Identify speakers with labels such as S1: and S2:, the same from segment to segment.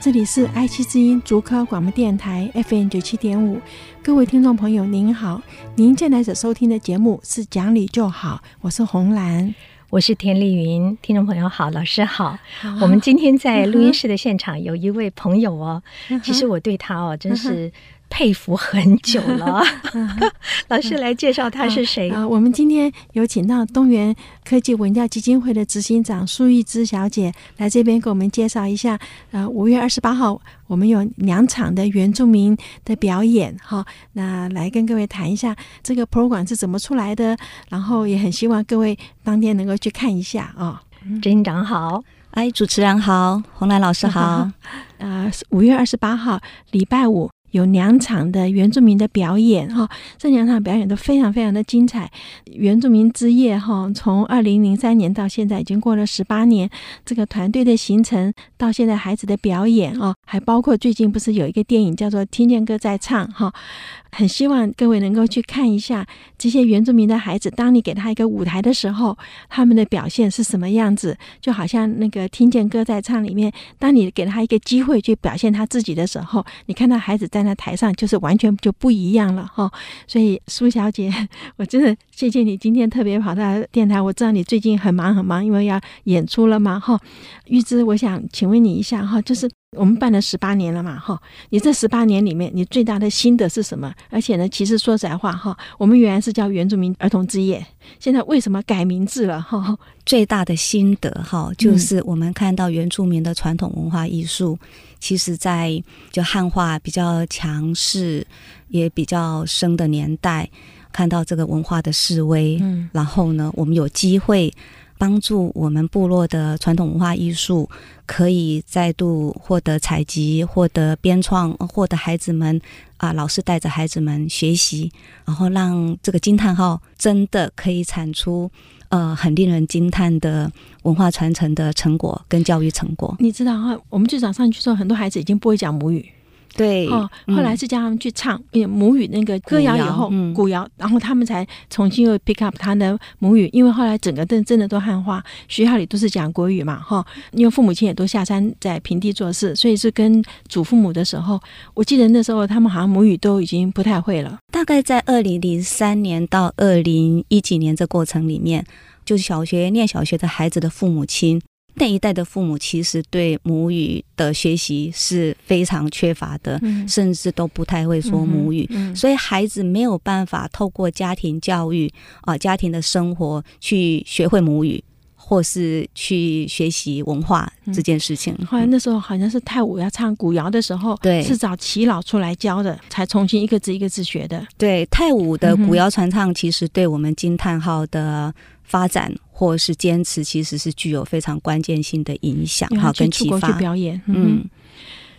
S1: 這裡是 IC 之音竹科廣播電台 FM 九七點五，各位聽眾朋友您好，您現在收聽的節目是講理就
S2: 好，我是洪蘭，我是田麗雲，聽眾朋友好，老師好，哦、我們今天在錄音室的現場有一位朋友哦，哦其實我對他哦，嗯、哼真是。佩服很久了， 老師來，介紹他是誰？ 啊，啊？我們今天
S1: 有請到東元科技文教基金會的執行長蘇玉枝小姐來這邊給我們介紹一下。呃，五月二十八號我們有兩場的原住民的表演哈、哦，那來跟各位談一下這個 program 是怎麼出來的，然後也很希望各位當天能夠去看一下啊。執行長好，哎、嗯，主持人好，洪蘭老師好。啊，五、啊、月二十八號，禮拜五。有兩場的原住民的表演哈、哦，這兩場表演都非常非常的精彩。原住民之夜哈、哦，從二零零三年到現在已經過了十八年，這個團隊的形成到現在孩子的表演啊、哦，還包括最近不是有一個電影叫做《聽見歌在唱》哈、哦，很希望各位能夠去看一下這些原住民的孩子。當你給他一個舞台的時候，他們的表現是什麼樣子？就好像那個《聽見歌在唱》裡面，當你給他一個機會去表現他自己的時候，你看到孩子在。站在臺上就是完全就不一樣了哈、哦，所以蘇小姐，我真的謝謝你今天特別跑到電臺，我知道你最近很忙很忙，因為要演出了嘛哈。玉、哦、芝，玉枝我想請問你一下哈，就是。我們辦了十八年了嘛，哈！你這十八年裡面，你最大的心得是什麼？而且呢，其實說實在話，哈，我們原來是叫原住民兒童之夜，
S3: 現在為什麼改名字了？哈，最大的心得，哈，就是我們看到原住民的傳統文化藝術，嗯、其實，在就漢化比較強勢、也比較深的年代，看到這個文化的式微，嗯，然後呢，我們有機會。幫助我們部落的傳統文化藝術可以再度獲得採集、獲得編創、獲得孩子們啊、呃，老師帶着孩子們學習，然後讓這個驚嘆號真的可以產出呃很令人驚嘆的文化傳承的成果跟教育成果。
S1: 你知道啊，我們局長上去說，很多孩子已經不會講母語。對哦，嗯、後來是叫他們去唱母語那個歌謠，以後古謠，嗯、然後他們才重新又 pick up 他的母語。因為後來整個都真的都漢化，學校裡都是講國語嘛，哈。因為父母親也都下山在平地做事，所以是跟祖父母的時候，我記得那時候他們好像母
S3: 語都已經不太會了。大概在二零零三年到二零一幾年這過程裡面，就是小學念小學的孩子的父母親。那一代的父母其實對母語的學習是非常缺乏的，嗯、甚至都不太會說母語，嗯嗯、所以孩子沒有辦法透過家庭教育啊、呃、家庭的生活去學會母語，或是去學習文化這件事情。嗯、後來
S1: 那時候好像是太舞要唱古謠的時候，對，是找齊老出來教的，才重新一個字一個字學的。
S3: 對，太舞的古謠傳唱其實對我們驚嘆號的。發展或是堅持，其實是具有非常關鍵性的影響哈，嗯、好跟啟發。去去表演嗯，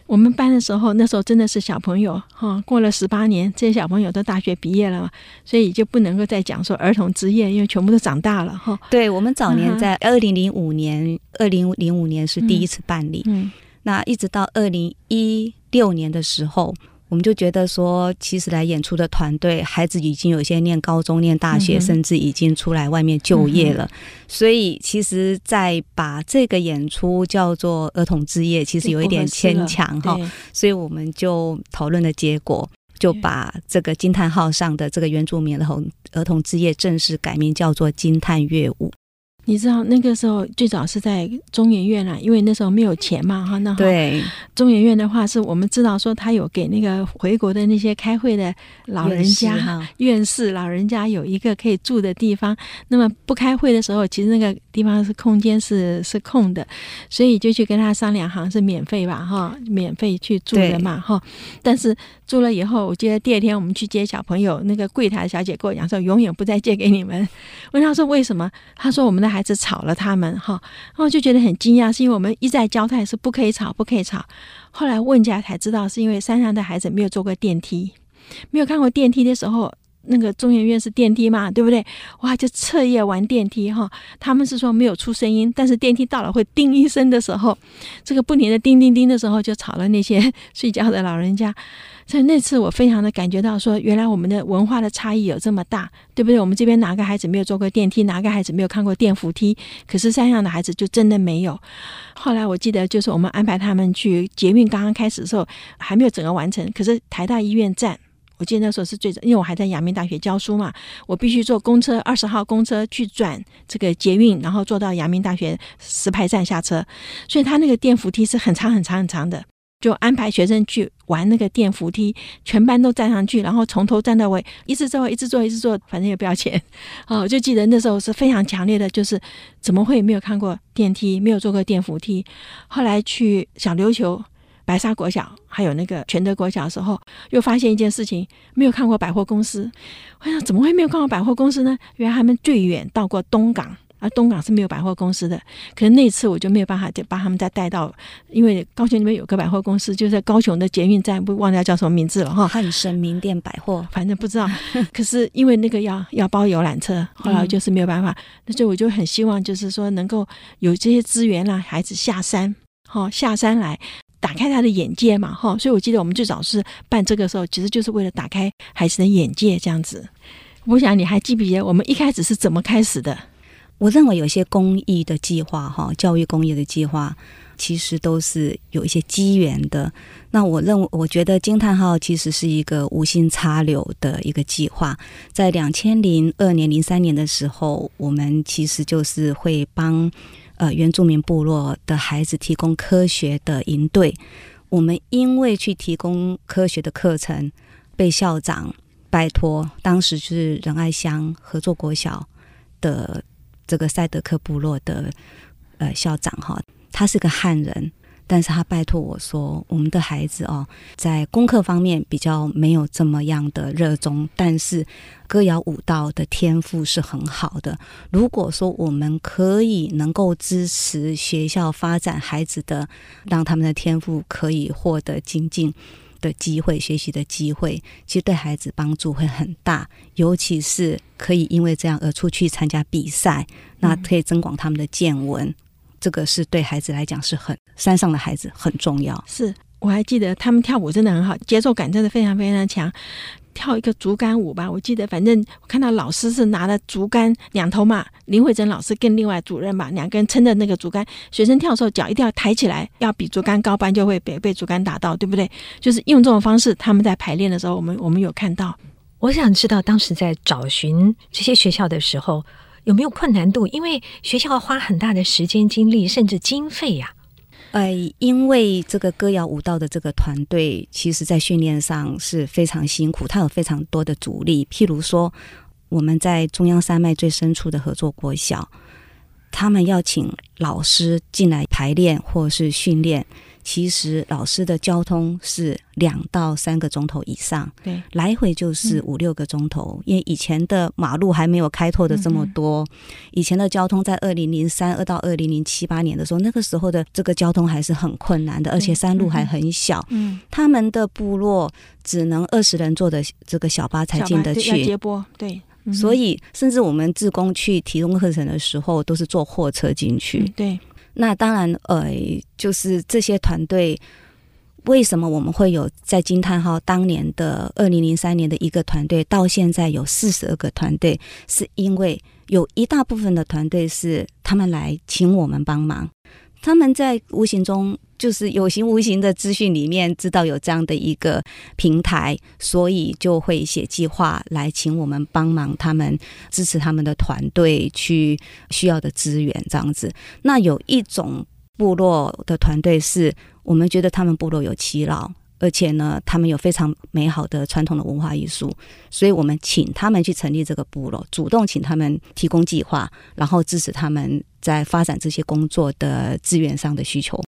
S1: 我們辦的時候，那時候真的是小朋友哈、哦，過了十八年，這些小朋友都大學畢業了，所以就不能夠再講說兒童之夜，因為全
S3: 部都長大了哈。哦、對，我們早年在二零零五年，二零零五年是第一次辦理，嗯，嗯，那一直到二零一六年的時候。我們就覺得說，其實來演出的團隊，孩子已經有些念高中、念大學，甚至已經出來外面就業了。嗯、哼所以，其實再把這個演出叫做“兒童之夜”，其實有一點牽強哈。所以，我們就討論的結果，對就把這個驚嘆號上的這個原住民的童兒童之夜，正式改名叫做“驚嘆樂舞”。
S1: 你知道那個時候最早是在中研院啦，因為那時候沒有錢嘛，哈，那對中研院的話是我們知道說他有給那個回國的那些開會的老人家、院士、院士老人家有一個可以住的地方。那麼不開會的時候，其實那個地方是空間是是空的，所以就去跟他商量行，好像是免費吧，哈，免費去住的嘛，哈對，但是。住了以後，我記得第二天我們去接小朋友，那個櫃檯的小姐跟我講說，永遠不再借給你們。問她說為什麼？她說我們的孩子吵了他們，哈，然後就覺得很驚訝，是因為我們一再交代是不可以吵，不可以吵。後來問家才知道，是因為山上的孩子沒有坐過電梯，沒有看過電梯的時候，那個中研院，院是電梯嘛，對不對？哇，就徹夜玩電梯，哈，他們是說沒有出聲音，但是電梯到了會叮一聲的時候，這個不停的叮叮叮的時候，就吵了那些睡覺的老人家。所以那次，我非常的感覺到，說原來我們的文化的差異有這麼大，對不對？我們這邊哪個孩子沒有坐過電梯，哪個孩子沒有看過電扶梯？可是山上的孩子就真的沒有。後來我記得，就是我們安排他們去捷運剛剛開始的時候，還沒有整個完成。可是台大醫院站，我記得那時候是最早，因為我還在陽明大學教書嘛，我必須坐公車二十號公車去轉這個捷運，然後坐到陽明大學石牌站下車。所以他那個電扶梯是很長很長很長的。就安排學生去玩那個電扶梯，全班都站上去，然後從頭站到尾，一直坐，一直坐，一直坐，反正也不要錢。哦，我就記得那時候是非常強烈的，就是怎麼會沒有看過電梯，沒有坐過電扶梯？後來去小琉球、白沙國小，還有那個全德國小的時候，又發現一件事情，沒有看過百貨公司。我想怎麼會沒有看過百貨公司呢？原來他們最遠到過東港。啊，而東港是沒有百貨公司的，可是那次我就沒有辦法就把他們再帶到，因為高雄那邊有個百貨公司，就在高雄的捷運站，不忘了叫什麼名字了哈。漢神名店百貨，反正不知道。 可是因為那個要要包遊覽車，後來就是沒有辦法。嗯、那所以我就很希望，就是說能夠有這些資源，讓孩子下山，哈，下山來，打開他的眼界嘛，哈。所以，我記得我們最早是辦這個時候，其實就
S3: 是為了打開孩子的眼界，這樣子。我想你還記不記得我們一開始是怎麼開始的？我認為有些公益的計劃，哈，教育公益的計劃，其實都是有一些機緣的。那我認為，我覺得驚嘆號其實是一個無心插柳的一個計劃。在兩千零二年、零三年的時候，我們其實就是會幫呃原住民部落的孩子提供科學的營隊。我們因為去提供科學的課程，被校長拜託，當時就是仁愛鄉合作國小的，這個賽德克部落的呃校長哈，他是個漢人，但是他拜托我說，我們的孩子哦，在功課方面比較沒有這麼樣的熱衷，但是歌謠舞蹈的天賦是很好的。如果說我們可以能夠支持學校發展孩子的，讓他們的天賦可以獲得精進。的機會，學習的機會，其實對孩子幫助會很大，尤其是可以因為這樣而出去參加比賽，那可以增廣他們的見聞，嗯、這個是對孩子來講是很山上的孩子很重要。是
S1: 我還記得他們跳舞真的很好，節奏感真的非常非常強。跳一個竹竿舞吧，我記得，反正我看到老師是拿了竹竿兩頭嘛，林慧珍老師跟另外主任嘛，兩個人撐着那個竹竿，學生跳的時候腳一定要抬起來，要比竹竿高，不然就會被被竹竿打到，對不對？就是用這種方式，他們在排練的時候，我
S2: 們我們有看到。我想知道，當時在找尋這些學校的時候，有沒有困難度？因為學校花很大的時間、精力，甚至經費呀。
S3: 哎，因為這個歌謠舞蹈的這個團隊，其實，在訓練上是非常辛苦，它有非常多的阻力。譬如說，我們在中央山脈最深處的合作國小，他們要請老師進來排練或是訓練。其實老師的交通是兩到三個鐘頭以上，對，來回就是五、嗯、六個鐘頭。因為以前的馬路還沒有開拓的這麼多，嗯嗯，以前的交通在二零零三二到二零零七八年的時候，那個時候的這個交通還是很困難的，對而且山路還很小。嗯嗯，他們的部落只能二十人坐的這個小巴才進得去，對。嗯嗯所以，甚至我們志工去提供課程的時候，都是坐貨車進去。嗯、對。那當然，呃，就是這些團隊為什麼我們會有在驚嘆號當年的二零零三年的一個團隊，到現在有四十二個團隊，是因為有一大部分的團隊是他們來請我們幫忙。他們在無形中就是有形無形的資訊裡面知道有這樣的一個平台，所以就會寫計劃來請我們幫忙，他們支持他們的團隊去需要的資源這樣子。那有一種部落的團隊是我們覺得他們部落有耆老。而且呢，他們有非常美好的傳統的文化藝術，所以我們請他們去成立這個部落，主動請他們提供計劃，然後支持他們在發展這些工作的資源上的需求。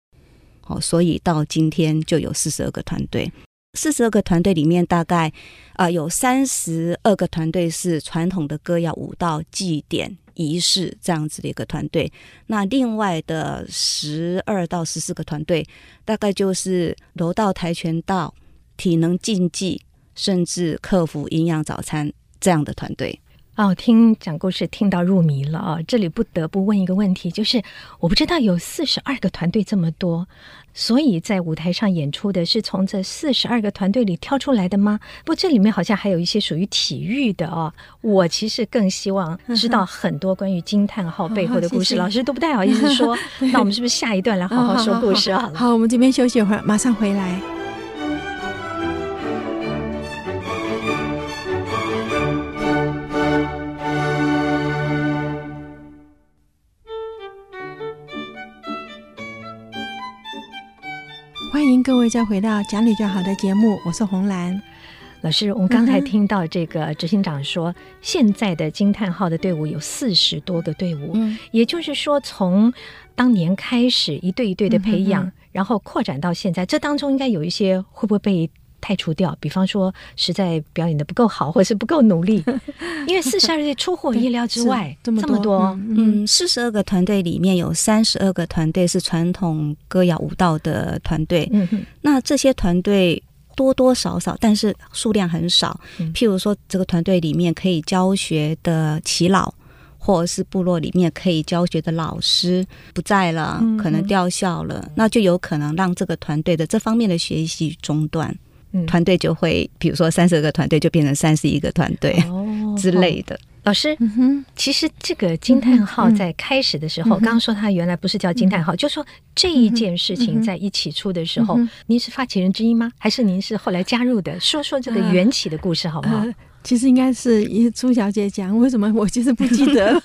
S3: 好、哦，所以到今天就有四十二個團隊，四十二個團隊裡面大概啊、呃、有三十二個團隊是傳統的歌謠、舞蹈、祭典。儀式這樣子的一個團隊，那另外的十二到十四個團隊，大概就是柔道、跆拳道、體能競技，甚至克服營養早餐這樣的團隊。
S2: 哦，聽講故事聽到入迷了啊、哦！這裡不得不問一個問題，就是我不知道有四十二個團隊這麼多，所以在舞台上演出的是從這四十二個團隊裡挑出來的嗎？不，這裡面好像還有一些屬於體育的哦。我其實更希望知道很多關於驚嘆號背後的故事， 好好謝謝老師都不太好意思說。 那我們是不是下一段來好好說故事、 哦、好，好，好，
S1: 好了？好，我們這邊休息一會兒，馬上回來。
S2: 再回到講理就好的節目，我是洪蘭老師。我們剛才聽到這個執行長說，嗯、哼現在的驚嘆號的隊伍有四十多個隊伍，嗯、也就是說，從當年開始，一隊一隊的培養，嗯、哼然後擴展到現在，這當中應該有一些會不會被。太除掉，比方說實在表演的不夠好，或者是不夠努力， 因為四十二歲出乎我意料之外， 是這麼多，麼多嗯，
S3: 四十二個團隊裡面有三十二個團隊是傳統歌謠舞蹈的團隊，嗯、哼那這些團隊多多少少，但是數量很少。嗯、譬如說，這個團隊裡面可以教學的耆老，或者是部落裡面可以教學的老師不在了，可能調校了，嗯嗯，那就有可能讓這個團隊的這方面的學習中斷。團隊、嗯、就會，比如說三十個團隊就變成三十一個團隊、哦哦、之類的。
S2: 老師，其實這個驚嘆號在開始的時候，剛剛、嗯嗯、說它原來不是叫驚嘆號，嗯、就是說這一件事情在一起出的時候，嗯、您是發起人之一嗎？還是您是後來加入的？說說這個緣起的故事，呃、好不嗎好？呃其實應該是朱小姐講，為什麼我其實不記得？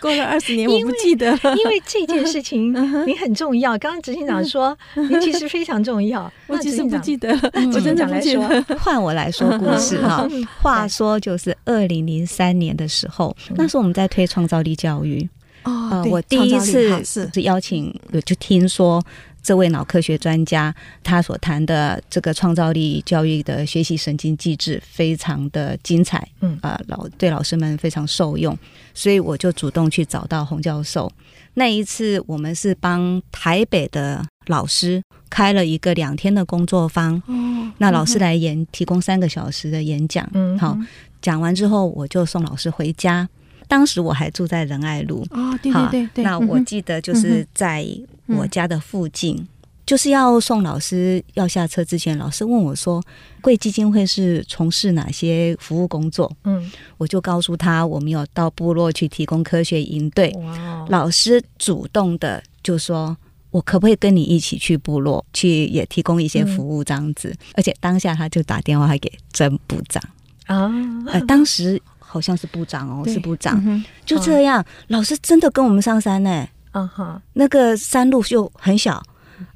S2: 過了二十
S3: 年我不記得，因為這
S2: 件事情你很重要。剛剛執行長說，你其實非常重要，我只是不記得。那執行長來說，
S3: 換我來說故事哈。話說就是二零零三年的時候，那時候我們在推創造力教育啊，我第一次是邀請，就聽說。這位腦科學專家，他所談的這個創造力教育的學習神經機制非常的精彩，嗯啊、呃，老對老師們非常受用，所以我就主動去找到洪教授。那一次，我們是幫台北的老師開了一個兩天的工作坊，嗯嗯、那老師來演提供三個小時的演講，嗯哼，好，講完之後我就送老師回家。當時我還住在仁愛路啊，oh, 對,對對對，好嗯、哼那我記得就是在我家的附近，嗯嗯、就是要送老師要下車之前，老師問我說：“貴基金會是從事哪些服務工作？”嗯，我就告訴他我們有到部落去提供科學營隊。哦、老師主動的就說：“我可不可以跟你一起去部落去也提供一些服務這樣子？”嗯、而且當下他就打電話給曾部長啊、oh 呃，當時。好像是部長哦，對是部長，嗯、哼就這樣，好老師真的跟我們上山呢、欸。嗯哼、uh，huh。那個山路就很小。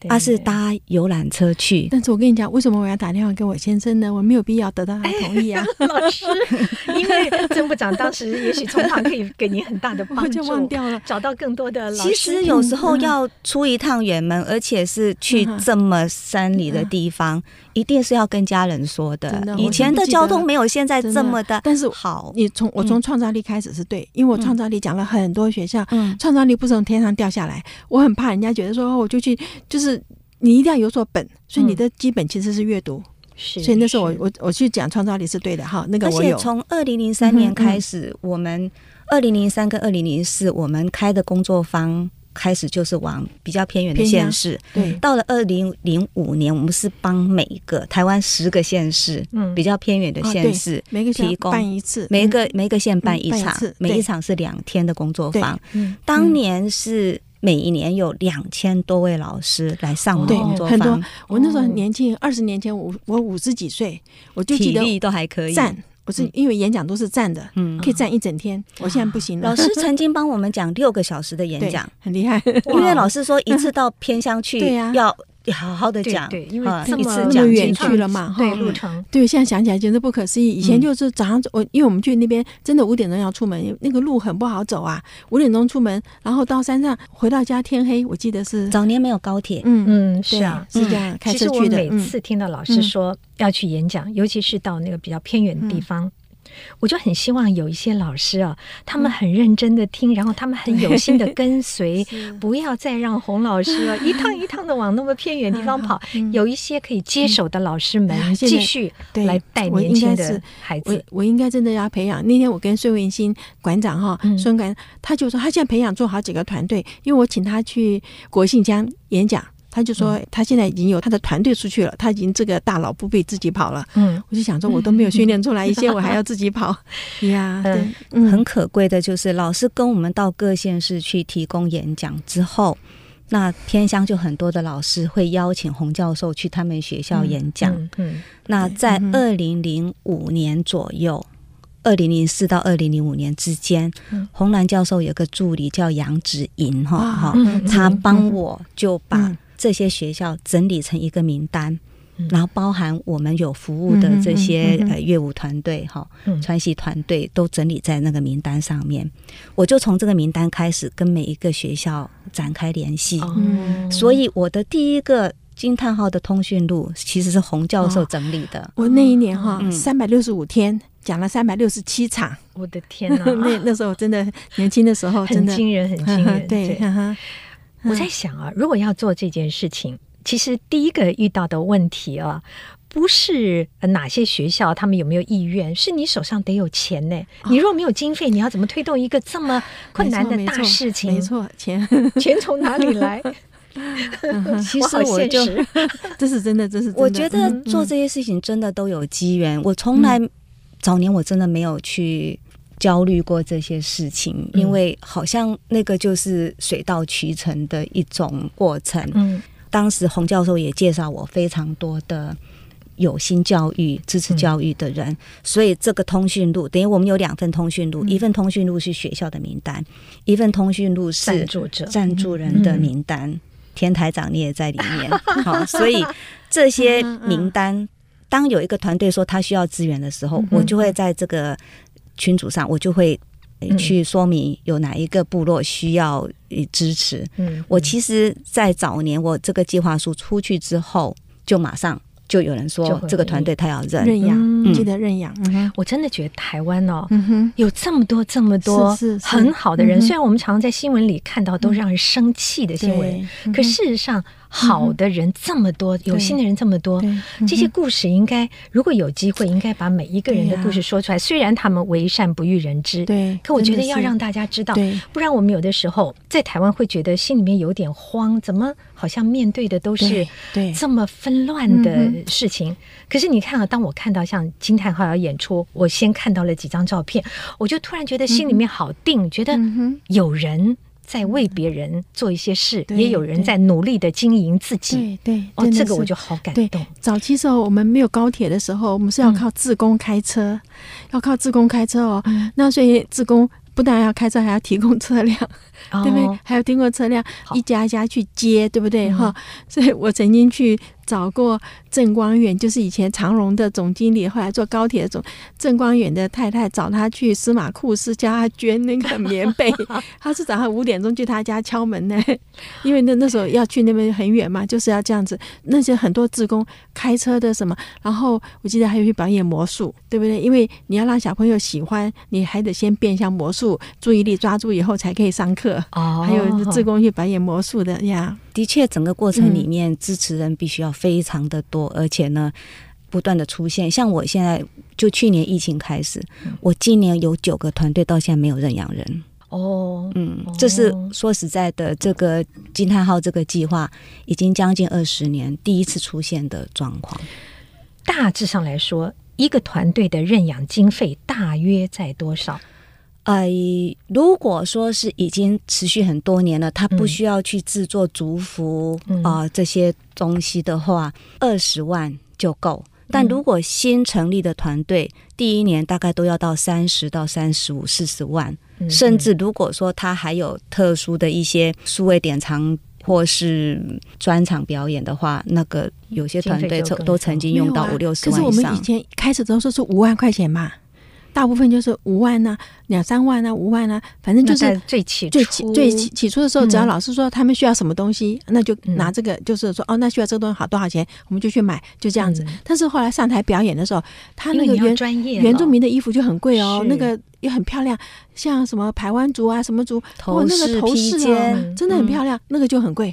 S3: 他是搭遊覽車去，但是我跟你講，為什麼我要打電話給我先生呢？我沒有必要得到他同意啊。老師，因為
S2: 曾部長當時也許從旁可以給您很大的幫助，就忘掉了。找到更多的老師。其實有時候要
S3: 出一趟遠門，而且是去這麼山裡的地方，一定是要跟家人說的。以前的交通沒有現在這麼的，
S1: 但是好，你從我從創造力開始是對，因為我創造力講了很多學校，創造力不從天上掉下來，我很怕人家覺得說我就去。就是你一定要有所本，所以你的基本其實是閱讀。是，所以那時候我我我去
S3: 講創造力是對的哈。那個，而且從二零零三年開始，我們二零零三跟二零零四，我們開的工作坊開始就是往比較偏遠的縣市。對。到了二零零五年，我們是幫每一個台灣十個縣市，嗯，比較偏遠的縣市，每個提供辦一次，每個每個縣辦一場，每一場是兩天的工作坊。嗯，當年是。每一年有兩千多位老師來上工作坊、哦、對，很多。
S1: 我那時候很年輕，二十、哦、年前，我我五十幾歲，我就記得。體力都還可以站，不、嗯、是因為演講都是站的，嗯，可以站一整天。嗯、我現在不行了。啊、老師曾
S3: 經幫我們講六個小時的演講，很厲害。因為老師說一次到偏鄉去，嗯、對呀、啊，要。好好的講，對，對，因為上次講、啊、遠去了嘛，哈對，路程、嗯。對，現在想
S1: 起來簡直不可思議。以前就是早上，我、嗯、因為我們去那邊真的五點鐘要出門，那個路很不好走啊。五點鐘出門，然後到山上，回到家天黑。我記得是早年沒有高鐵，嗯
S2: 嗯，嗯是啊，是這樣。開車去的、嗯、我每次聽到老師說要去演講，嗯、尤其是到那個比較偏遠的地方。嗯我就很希望有一些老師啊、哦，他們很認真的聽，嗯、然後他們很有心的跟隨， 是不要再讓洪老師啊一趟一趟的往那麼偏遠地方 跑。嗯、有一些可以接手的老師們繼續
S1: 來帶年輕的孩子。我應,我，我應該真的要培養。那天我跟孫文新館長哈，孫館他就說他現在培養做好幾個團隊，因為我請他去國信江演講。他就說，他現在已經有他的團隊出去了，他已經這個大佬不必自己跑了。嗯，我就想說，我都沒有訓練出來一些，我還要自己跑。
S3: 對呀，很很可貴的就是老師跟我們到各縣市去提供演講之後，那偏鄉就很多的老師會邀請洪教授去他們學校演講。嗯，那在二零零五年左右，二零零四到二零零五年之間，洪蘭教授有個助理叫楊子瑩，哈哈，他幫我就把。這些學校整理成一個名單，嗯、然後包含我們有服務的這些呃樂舞團隊哈，傳習、嗯嗯、團隊都整理在那個名單上面。嗯、我就從這個名單開始跟每一個學校展開聯繫，哦、所以我的第一個驚嘆號的通訊錄其實是洪教授整理的。我、哦哦、那
S1: 一年哈，三百六十五天講了三百六十七場，我的天吶，啊、 那那時候真的年
S2: 輕的時候，真的驚人，很驚人， 對。 我在想啊，如果要做這件事情，其實第一個遇到的問題啊，不是哪些學校他們有沒有意願，是你手上得有錢呢？你若沒有經費，哦、你要怎麼推動一個這麼
S3: 困難的大
S2: 事情？沒錯，沒錯，沒錯，
S3: 錢錢從哪裡來？ 其實我就 這是真的，這是真的，我覺得做這些事情真的都有機緣。嗯、我從來、嗯、早年我真的沒有去。焦慮過這些事情，因為好像那個就是水到渠成的一種過程。嗯，當時洪教授也介紹我非常多的有心教育、支持教育的人，嗯、所以這個通訊錄等於我們有兩份通訊錄，嗯、一份通訊錄是學校的名單，一份通訊錄是贊助者、贊助人的名單。嗯、天台長你也在裡面，嗯、好，所以這些名單，嗯嗯嗯當有一個團隊說他需要資源的時候，嗯嗯我就會在這個。群組上，我就會去說明有哪一個部落需要支持。嗯嗯、我其實，在早年我這個計劃書出去之後，就馬上就有人說這個團隊他要認認養，嗯、記
S2: 得認養。嗯、我真的覺得台灣哦，嗯、哼有這麼多這麼多很好的人，是是是嗯、雖然我們常常在新聞裡看到都讓人生氣的行為，嗯嗯、可事實上。好的人這麼多，嗯、有心的人這麼多，嗯、這些故事應該，如果有機會，應該把每一個人的故事說出來。啊、雖然他們為善不欲人知，對，可我覺得要讓大家知道，不然我們有的時候在台灣會覺得心裡面有點慌，怎麼好像面對的都是這麼紛亂的事情？嗯、可是你看啊，當我看到像驚嘆號要演出，我先看到了幾張照片，我就突然覺得心裡面好定，嗯、哼覺得有人。嗯在為別人做一些事，嗯、也有人在努力的經營自己。
S1: 對對，對對哦，對這個我就好感動。早期時候我們沒有高鐵的時候，我們是要靠志工開車，嗯、要靠志工開車哦。嗯、那所以志工不但要開車，還要提供車輛，哦、對不對？還要提供車輛一家一家去接，好對不對？哈、嗯，所以我曾經去。找過鄭光遠，就是以前長榮的總經理，後來坐高鐵的總。鄭光遠的太太找他去司馬庫斯，叫他捐那個棉被。 他是早上五點鐘去他家敲門的，因為那那時候要去那邊很遠嘛，就是要這樣子。那些很多志工開車的什麼，然後我記得還有去表演魔術，對不對？因為你要讓小朋友喜歡，你還得先變一下魔術，注意力抓住
S3: 以後才可以上課。哦， 還有志工去表演魔術的呀。的確，整個過程裡面支持人必須要非常的多，嗯、而且呢，不斷的出現。像我現在就去年疫情開始，嗯、我今年有九個團隊到現在沒有認養人。哦，嗯，哦、這是說實在的，這個驚嘆號這個計劃已經將近二十年第一次出現的狀況。大致上來說，一個
S2: 團隊的認養經費大約在多少？
S3: 哎、呃，如果說是已經持續很多年了，他不需要去制作族服啊這些東西的話，二十萬就夠。但如果新成立的團隊，嗯、第一年大概都要到三十到三十五、四十萬，嗯、甚至如果說他還有特殊的一些數位典藏或是專場表演的話，那個有些團隊都都曾經用到五六十萬以上，啊。可是我們以前開始都
S1: 說是是五萬塊錢嘛。大部分就是五萬吶，兩三萬啊，五萬,、啊、五萬啊，反正就是最起最起最,最起起初的時候，嗯、只要老師說他們需要什麼東西，那就拿這個，嗯、就是說哦，那需要這個東西好多少錢，我們就去買，就這樣子。嗯、但是後來上台表演的時候，他那個原專業原住民的衣服就很貴哦，是那個也很漂亮，像什麼排灣族啊
S2: 什麼族，我那個頭飾、啊嗯、真的很漂亮，那個就很貴。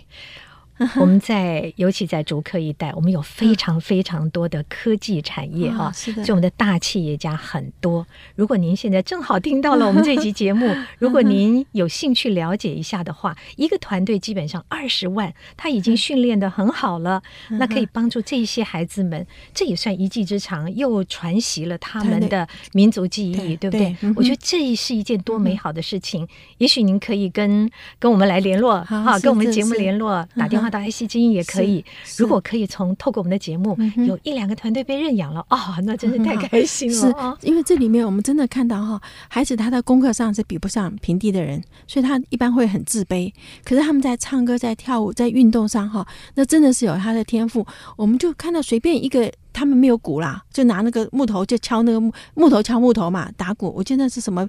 S2: 我們在尤其在竹科一帶，我們有非常非常多的科技產業啊，所以我們的大企業家很多。如果您現在正好聽到了我們這期節目，如果您有興趣了解一下的話，一個團隊基本上二十萬，他已經訓練得很好了，那可以幫助這些孩子們，這也算一技之長，又傳習了他們的民族記憶，對不對？我覺得這是一件多美好的事情。也許您可以跟跟我們來聯絡好，跟我們節目聯絡打電話。打愛心基金也可以。如果可以從透過我們的節目，有一兩個團隊被認養了，嗯、哼哦，那真是太開心了、哦。是因
S1: 為這裡面我們真的看到哈，孩子他的功課上是比不上平地的人，所以他一般會很自卑。可是他們在唱歌、在跳舞、在運動上哈，那真的是有他的天賦。我們就看到隨便一個，他們沒有鼓啦，就拿那個木頭就敲那個木，木頭敲木頭嘛打鼓。我覺得那是什麼？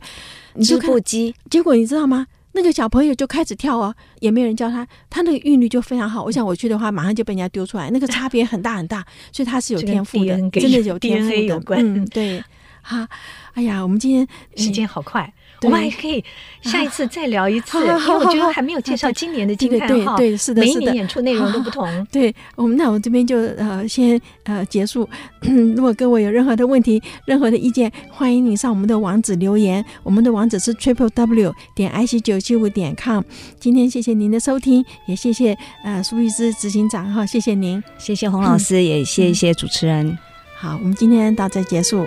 S1: 織布機？結果你知道嗎？那個小朋友就開始跳哦，也沒人教他，他那個韻律就非常好。我想我去的話，馬上就被人家丟出來，那個差別很大很大，啊、所以他是有天賦的，真的有天賦的。有關嗯，對，哈，哎呀，我們今天時間好快。嗯對我們還可以下一次再聊一次，啊、因為我覺得還沒有介紹今年的這個哈。對，是的，每一年演出內容都不同。對，我們那我這邊就呃先呃結束。 如果各位有任何的問題、任何的意見，歡迎你上我們的網址留言。我們的網址是 triple w 點 i c 九七五點 com。今天謝謝您的收聽，也謝謝呃蘇玉枝執行長哈，謝謝您，謝謝洪老師，嗯、也謝謝主持人、嗯。好，我們今天到這兒結束。